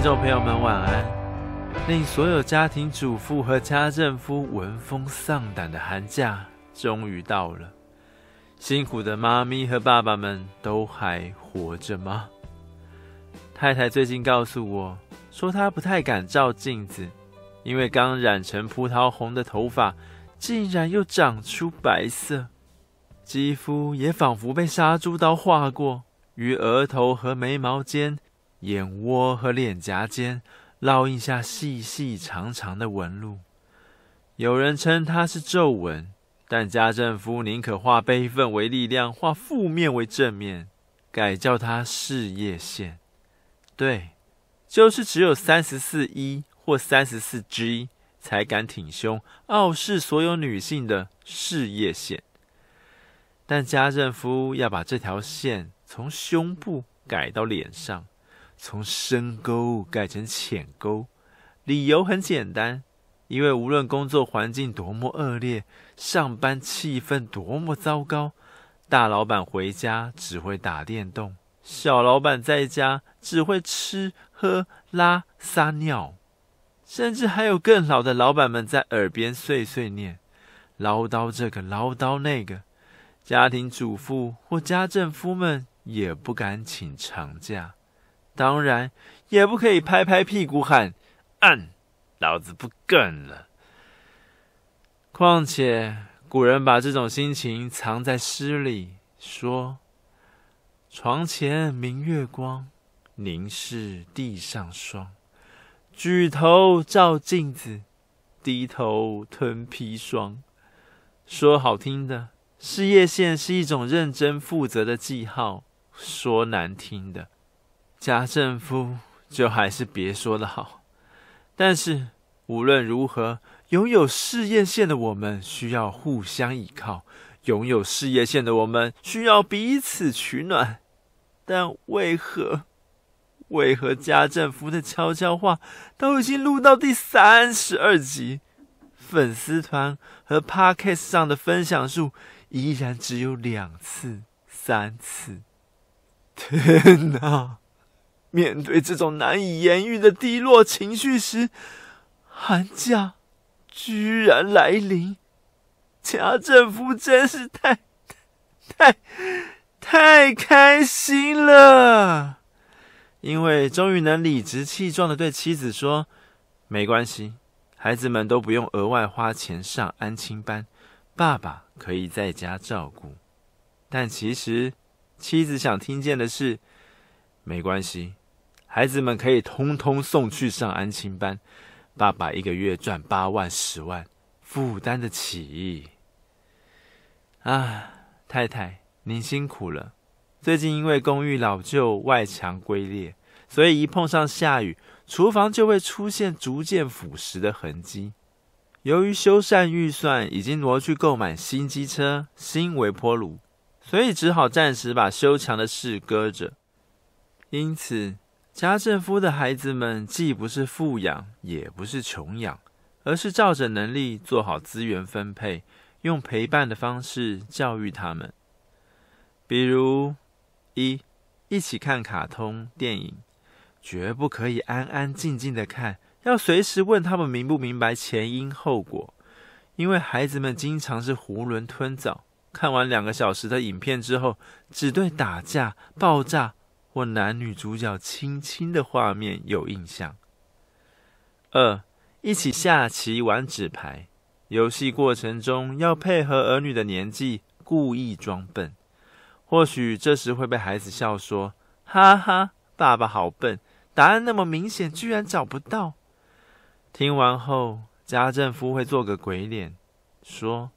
聽眾朋友們，晚安！令所有家庭主婦和家政夫聞風喪膽的寒假終於到了，辛苦的媽咪和爸爸們都還活着嗎？太太最近告訴我說，她不太敢照鏡子，因為剛染成葡萄紅的頭髮竟然又長出白色，肌膚也仿佛被殺豬刀劃過，於額頭和眉毛間。眼窩和臉頰間烙印下細細長長的紋路，有人稱它是皺紋，但家政夫寧可化悲憤為力量，化負面為正面，改叫它事業線。對，就是只有三十四 E 或三十四 G 才敢挺胸，傲視所有女性的事業線。但家政夫要把這條線從胸部改到臉上。從深溝改成淺溝，理由很簡單，因為無論工作環境多麼惡劣，上班氣氛多麼糟糕，大老板回家只會打電動，小老板在家只會吃喝拉撒尿，甚至還有更老的老板們在耳邊碎碎念，嘮叨這個嘮叨那個，家庭主婦或家政夫們也不敢請長假。當然，也不可以拍拍屁股喊“嗯，老子不幹了”。況且，古人把這種心情藏在詩裡，說：“床前明月光，凝視地上霜。舉頭照鏡子，低頭吞砒霜。”說好聽的，事業線是一種認真負責的記號；說難聽的，家政夫就還是別說的好，但是無論如何，擁有事業線的我們需要互相依靠，擁有事業線的我們需要彼此取暖。但為何，為何家政夫的悄悄話都已經錄到第三十二集？粉絲團和 Podcast 上的分享數依然只有兩次、三次？天哪！面對這種難以言喻的低落情緒時，寒假居然來臨，家政夫真是太、太、太、太開心了，因為終於能理直氣壯地對妻子說：“沒關係，孩子們都不用額外花錢上安親班，爸爸可以在家照顧。”但其實妻子想聽見的是。沒關係，孩子們可以通通送去上安親班。爸爸一個月賺八萬十萬，負擔得起。啊，太太您辛苦了。最近因為公寓老舊外牆龜裂，所以一碰上下雨，廚房就會出現逐漸腐蝕的痕跡。由於修繕預算已經挪去購買新機車、新微波爐，所以只好暫時把修牆的事擱着。因此，家政夫的孩子們既不是富養，也不是窮養，而是照着能力做好資源分配，用陪伴的方式教育他們。比如，一一起看卡通電影，絕不可以安安靜靜的看，要隨時問他們明不明白前因後果，因為孩子們經常是囫圇吞棗。看完兩個小時的影片之後，只對打架、爆炸，或男女主角親親的畫面有印象。二、呃，一起下棋、玩紙牌遊戲過程中，要配合兒女的年紀，故意裝笨。或許這時會被孩子笑說：“哈哈，爸爸好笨，答案那麼明顯，居然找不到。”聽完後，家政夫會做個鬼臉，說：“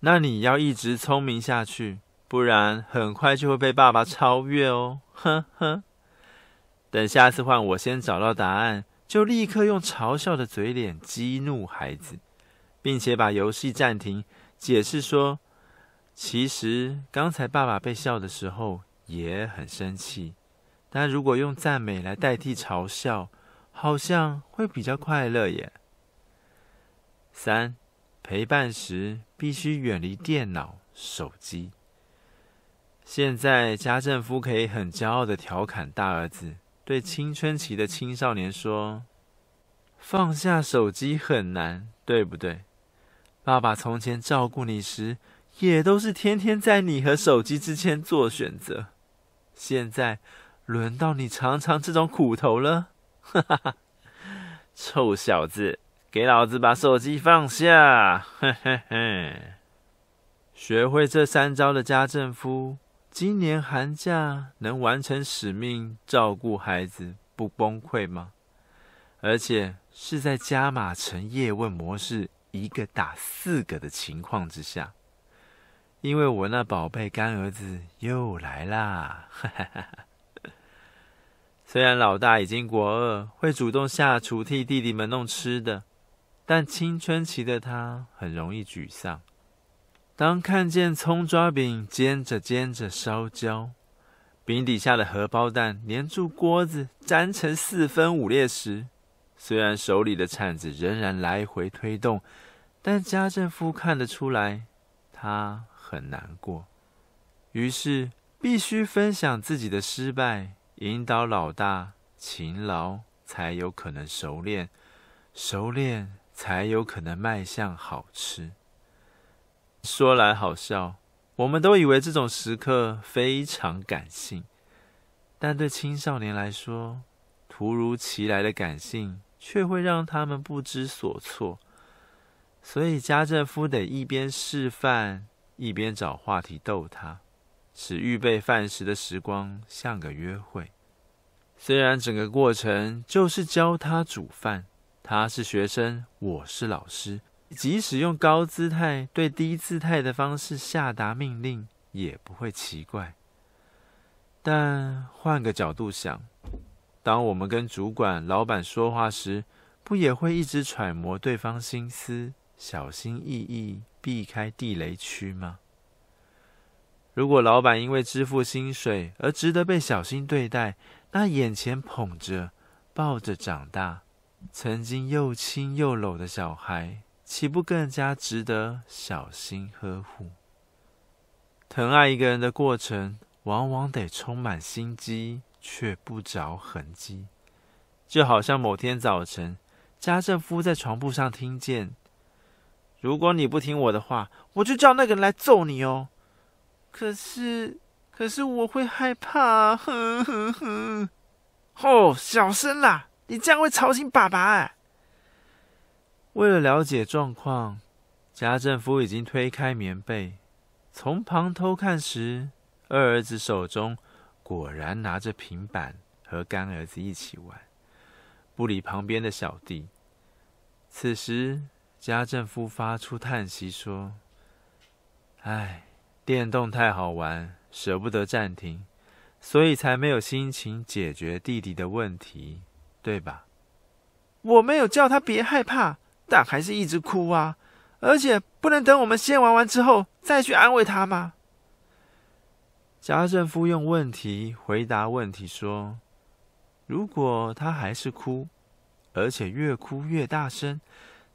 那你要一直聰明下去，不然很快就會被爸爸超越哦。”呵呵， 等下次換我先找到答案，就立刻用嘲笑的嘴臉激怒孩子，並且把遊戲暫停，解釋說：其實剛才爸爸被笑的時候也很生氣，但如果用讚美來代替嘲笑，好像會比較快樂耶。三，陪伴時必須遠離電腦、手機。現在家政夫可以很驕傲地調侃大兒子，對青春期的青少年說：“放下手機很難，對不對？爸爸從前照顧你時，也都是天天在你和手機之間做選擇。現在輪到你嘗嘗這種苦頭了！”哈哈哈！臭小子，給老子把手機放下！嘿嘿嘿！學會這三招的家政夫。今年寒假能完成使命，照顧孩子不崩潰嗎？而且是在加碼成葉問模式，一個打四個的情況之下。因為我那寶貝乾兒子又來啦！哈哈哈。雖然老大已經國二，會主動下廚替弟弟們弄吃的，但青春期的他很容易沮喪。當看見蔥抓餅煎着煎着燒焦，餅底下的荷包蛋粘住鍋子，粘成四分五裂時，雖然手裡的鏟子仍然來回推動，但家政夫看得出來，他很難過。於是，必須分享自己的失敗，引導老大勤勞，才有可能熟練；熟練，才有可能邁向好吃。說來好笑，我們都以為這種時刻非常感性，但對青少年來說，突如其來的感性卻會讓他們不知所措。所以家政夫得一邊示範，一邊找話題逗他，使預備飯食的時光像個約會。雖然整個過程就是教他煮飯，他是學生，我是老師。即使用高姿態對低姿態的方式下達命令，也不會奇怪。但換個角度想，當我們跟主管、老闆說話時，不也會一直揣摩對方心思，小心翼翼避開地雷區嗎？如果老闆因為支付薪水而值得被小心對待，那眼前捧着、抱着長大，曾經又親又摟的小孩，豈不更加值得小心呵護？疼愛一個人的過程，往往得充滿心機，卻不着痕跡。就好像某天早晨，家政夫在床鋪上聽見：“如果你不聽我的話，我就叫那個人來揍你哦。”可是，可是我會害怕啊。哼哼哼，吼！小聲啦啊，你這樣會吵醒爸爸哎啊。為了了解狀況，家政夫已經推開棉被，從旁偷看時，二兒子手中果然拿着平板和乾兒子一起玩，不理旁邊的小弟。此時，家政夫發出嘆息說：“唉，電動太好玩，捨不得暫停，所以才沒有心情解決弟弟的問題，對吧？”我沒有叫他別害怕。但還是一直哭啊！而且不能等我們先玩完之後再去安慰他嗎？家政夫用問題回答問題說：“如果他還是哭，而且越哭越大聲，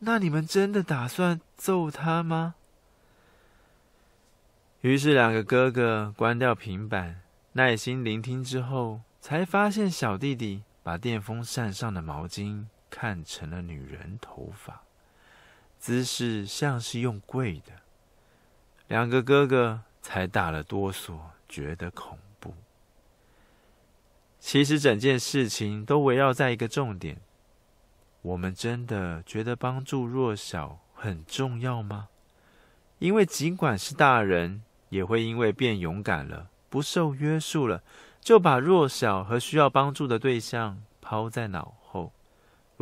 那你們真的打算揍他嗎？”於是兩個哥哥關掉平板，耐心聆聽之後，才發現小弟弟把電風扇上的毛巾。看成了女人頭髮，姿勢像是用跪的。兩個哥哥才打了哆嗦，覺得恐怖。其實整件事情都圍繞在一個重點：我們真的覺得幫助弱小很重要嗎？因為儘管是大人，也會因為變勇敢了、不受約束了，就把弱小和需要幫助的對象拋在腦。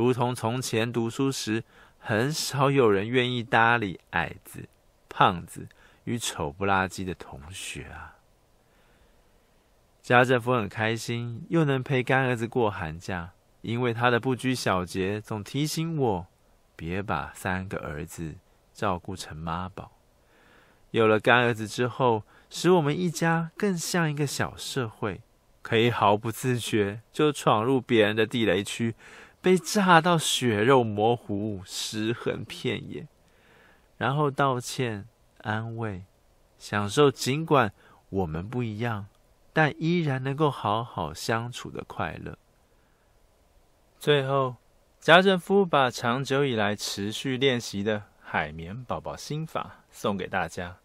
如同從前讀書時，很少有人願意搭理矮子、胖子與醜不拉幾的同學啊。家政夫很開心，又能陪乾兒子過寒假，因為他的不拘小節，總提醒我別把三個兒子照顧成媽寶。有了乾兒子之後，使我們一家更像一個小社會，可以毫不自覺就闖入別人的地雷區。被炸到血肉模糊、屍橫遍野，然後道歉、安慰、享受。儘管我們不一樣，但依然能夠好好相處的快樂。最後，家政夫把長久以來持續練習的海綿寶寶心法送給大家：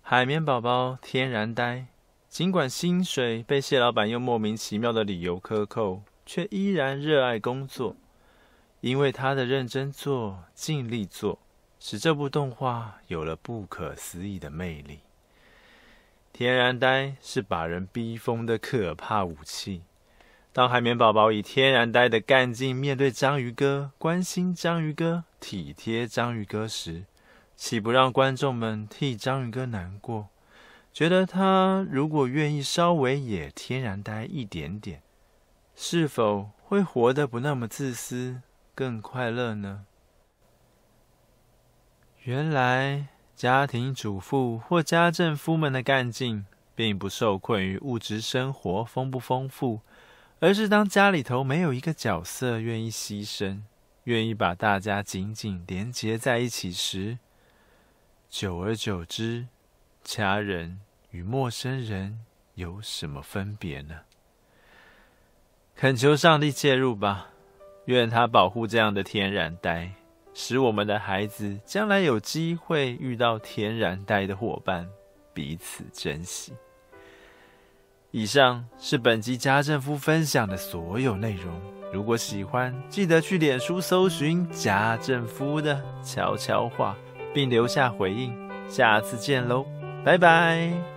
海綿寶寶天然呆，儘管薪水被蟹老闆用莫名其妙的理由克扣。卻依然熱愛工作，因為他的認真做、盡力做，使這部動畫有了不可思議的魅力。天然呆是把人逼瘋的可怕武器。當海綿寶寶以天然呆的幹勁面對章魚哥，關心章魚哥、體貼章魚哥時，豈不讓觀眾們替章魚哥難過？覺得他如果願意稍微也天然呆一點點。是否會活得不那麼自私，更快樂呢？原來家庭主婦或家政夫們的幹勁，並不受困於物質生活豐不豐富，而是當家裡頭沒有一個角色願意犧牲，願意把大家緊緊連接在一起時，久而久之，家人與陌生人有什麼分別呢？懇求上帝介入吧，願他保護這樣的天然呆，使我們的孩子將來有機會遇到天然呆的夥伴，彼此珍惜。以上是本集家政夫分享的所有內容。如果喜歡，記得去臉書搜尋家政夫的悄悄話，並留下回應。下次見嘍，拜拜。